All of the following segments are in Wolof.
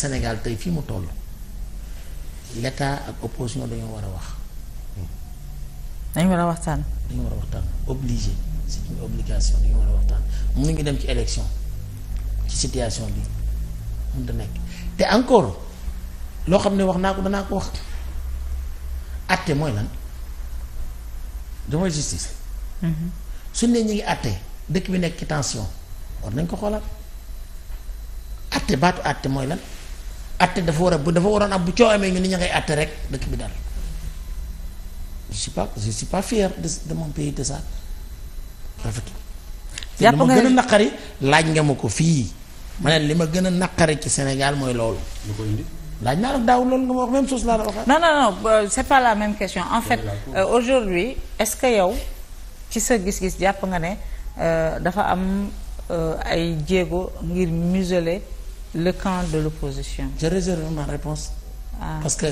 Sénégal tey fii mu toll l'état ak opposition dañoo war a wax. dañu war a waxtaan. dañu war a waxtaan obligé c'est une obligation dañu war a waxtaan mënuñu dem ci élection ci situation bi mënut a nekk te encore loo xam ne wax naa ko danaa ko wax àtte mooy lan damay justice. Mm-hmm. suñ ne ñu ngi àtte dëkk bi nekk ci tension war nañ ko xoolal àtte baatu àtte mooy lan atte dafa war a bu dafa waroon am bu coow amee ñu ni ña ngay atte rek dëkk bi daal je suis pas je suis de de mon pays de ça rafetul. jàpp nga gën a naqari laaj nga ma ko fii ma ne li ma gën a naqari ci Sénégal mooy loolu. laaj naa la daaw loolu nga ma wax même chose laa la waxaat. non non non euh, c'est pas la même question en fait euh, aujourd'hui est-ce que yow ci sa gis-gis jàpp nga ne euh, dafa am ay jéego ngir museler. le camp de l'opposition je réserve ma réponse ah. parce que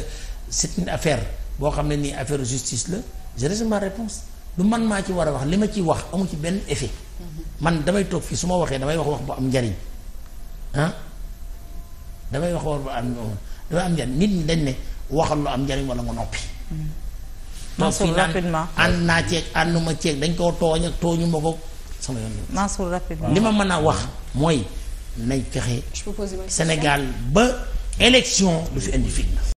c'est une affaire boo xam ne nii affaire justice la je réserve ma réponse du man maa ci war a wax li ma ciy wax amu ci benn effet mhm. man damay toog fii su ma waxee damay wax wax bu am njariñ ah damay wax wax bu am am njariñ nit ñi dañ ne waxal lu am njariñ wala nga noppi mhm. Mansour rapidement ànd naa ceeg ànduma ceeg dañ koo tooñ ak tooñu ma ko sama yoon li ma mën a wax mooy nañ fexe Sénégal ba élection du fi indi fitna